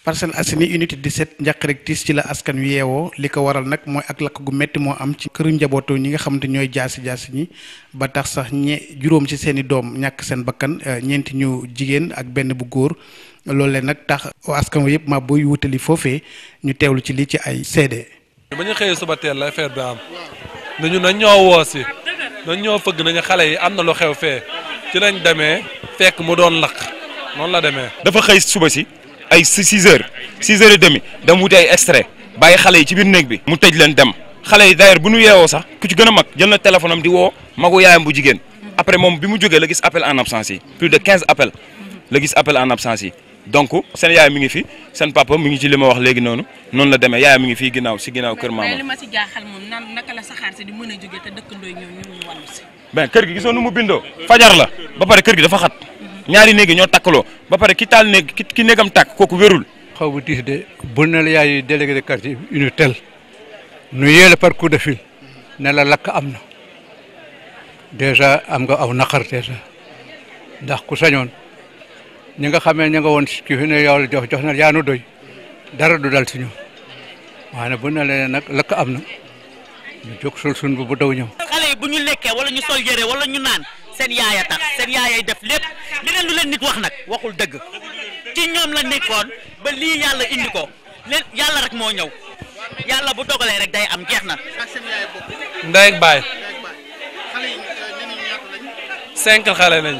Parcelles Assainies unité 17 njàq rek tis ci la askan wi yeewoo liko waral nak moy ak lak gu metti mo am ci këru njabootu ñi nga xamante ñoy jaasi jaasi ñi ba tax sax ñe juroom ci seeni doom ñak seen bakkan euh, ñent ñu jigen ak benn bu goor lolé nak tax askan wi yëpp ma boy wuteli fofé ñu tewlu ci li ci ay cd ba ñu xëyee suba teel la affaire bi am dañu na ñoo woo si nañ ñoo fëgg nañu xalé yi am na lu xew fé ci lañ démé fekk mu doon lak non la démé dafa xey suba si. ay 6 h six heures et demi dama wuti ay extrait baye xalé ci biir néeg bi mu tej leen dem xalé yi d'ailleurs bu ñu yeewoo sax ku ci gëna mag jël na téléphone am di wo magu yaayam bu jigéen après mom bi mu jógee la gis appel en absence yi plus de 15 appels la gis appel en absence yi donc sen yaay mi ngi fi sen papa mi ngi ci lima wax légui noonu noonu la démé yaay mi ngi fi ginnaaw ci ginnaaw kër maama li ma si jaaxal moom naka la saxaar si di mën a jógee te dëkkandoo ñoom ñu wàllu si. ben kër gi gisoo mu bindo fajar la ba paré kër gi dafa xat ñaari néegi ñoo takk loo ba pare ki taal néeg ki néegam tàkk kooku wérul xaw bu diis de bu ne la yaay délégué de quartier une telle nu yéele par coup de fil ne la lakk am na déjà am nga aw naqar déjà ndax ku sañoon ñi nga xamee ña nga woon ki fi la jox jox na yaa nu doy dara du dal si ñu waaye bu ne la nag lakk am na ñu jóg sul sun bu bu daw ñëw xale yi bu ñu lekkee wala ñu sol yére wala ñu naan seen yaaya tax seen yaayay def lépp leneen lu leen nit wax nag waxul dëgg ci ñoom la nekkoon ba lii yàlla indi ko yàlla rek moo ñëw yàlla bu dogalee rek day am jeex na. ndey baay. cinq xale nañ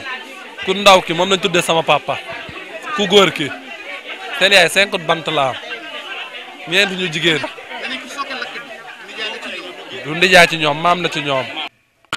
ku ndaw ki moom lañ tuddee sama papa ku góor ki seen yaay cinq bant la am ñeent ñu jigéen du ndijaay ci ñoom maam na ci ñoom.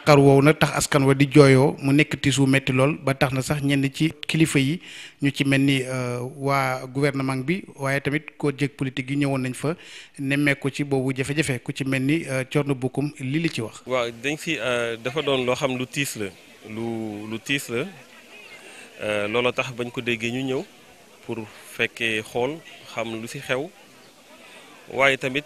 naqar woow nag tax askan wa di jooyoo mu nekk tiisu metti lool ba tax na sax ñenn ci kilifa yi ñu ci mel ni euh, waa gouvernement bi waaye tamit ko jég politique yi ñëwoon nañ fa nemmeeku ci boobu jafe-jafe ku ci mel ni euh, Thierno Bocoum lii li ci wax. waaw dañ fi euh, dafa doon loo xam lu tiis la lu lu tiis la loolu tax bañ ko déggee ñu ñëw pour fekkee xool xam lu ci xew waaye tamit.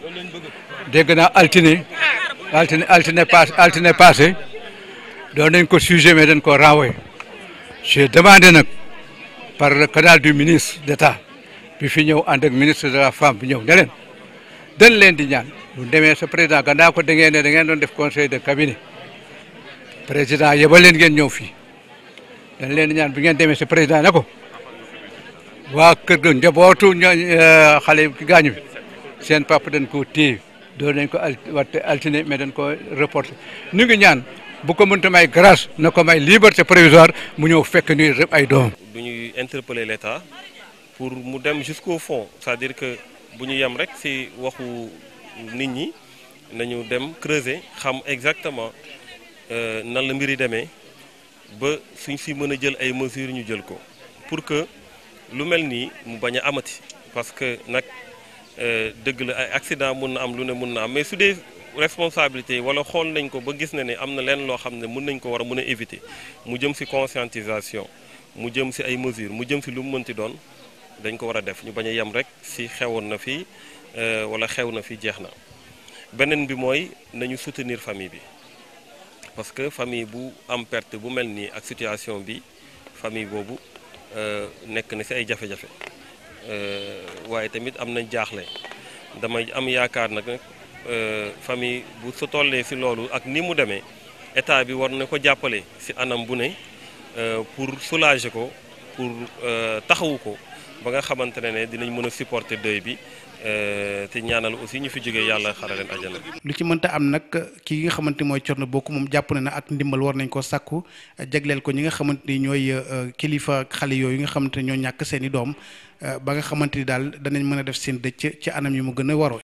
degna altiné altine altine altine altiné altine passé do nañ ko sujet mais dañ ko rawé j'ai demandé nak par le canal du ministre d'État bi fi ñew and ak ministre de la femme bi ñew dalen dañ leen di ñaan bu démé ce président ganda ko dégué né da ngeen def conseil de cabinet président yebal leen ngeen ñew fi dañ leen di ñaan bi ngeen démé ce président ne wa waa kër ga ñu euh, xalé ki gañu sen papa dañ ko téw doon nañ ko watte altine mais dañ ko reporté ñu ngi ñaan bu ko mënta may grâce na ko may liberté provisoire mu ñëw fekk ni rëb ay doom bu ñuy interpeller l'État pour mu dem jusqu'au fond c'est-à-dire que bu ñu yem rek si waxu nit ñi nañu dem creuser xam exactement euh, nan la mbir yi demee ba suñ si mën a jël ay mesures ñu jël ko pour que lu mel nii mu bañ amati parce que nag Euh, dëgg la ay accident mun na am lu ne mun na am mais su dee responsabilité yi wala xool nañ ko ba gis na ni am na leen loo xam ne mun nañ ko war a mun a éviter mu jëm ci conscientisation mu jëm ci ay mesures mu jëm ci lu mu mënti doon dañ ko war a def ñu bañ a yem rek ci xewoon na fii euh, wala xew na fii jeex na beneen bi mooy nañu soutenir famille bi parce que famille bu am perte bu mel nii ak situation bi famille boobu euh, nekk na ci ay jafe-jafe Euh, waaye tamit am na jaaxle dama am yaakaar nag nag euh, famille bu su tollee si loolu ak ni mu demee état bi war na ko jàppale si anam bu ne euh, pour soulager ko pour taxawu ko. ba nga xamante ne ne dinañ mën a supporter deuil bi euh, te ñaanal aussi ñu fi jógee yàlla xara leen ajana lu ci mënta am nag ki nga xamante mooy Thierno bokk moom jàpp na na ak ndimbal war nañ ko sàkku jagleel ko ñi nga xamante ni ñooy euh, kilifa xale yooyu nga xamante ne ñoo ñàkk seeni doom euh, ba nga xamante ni daal danañ mën a def seen dëcc ci anam yi mu gën a waroo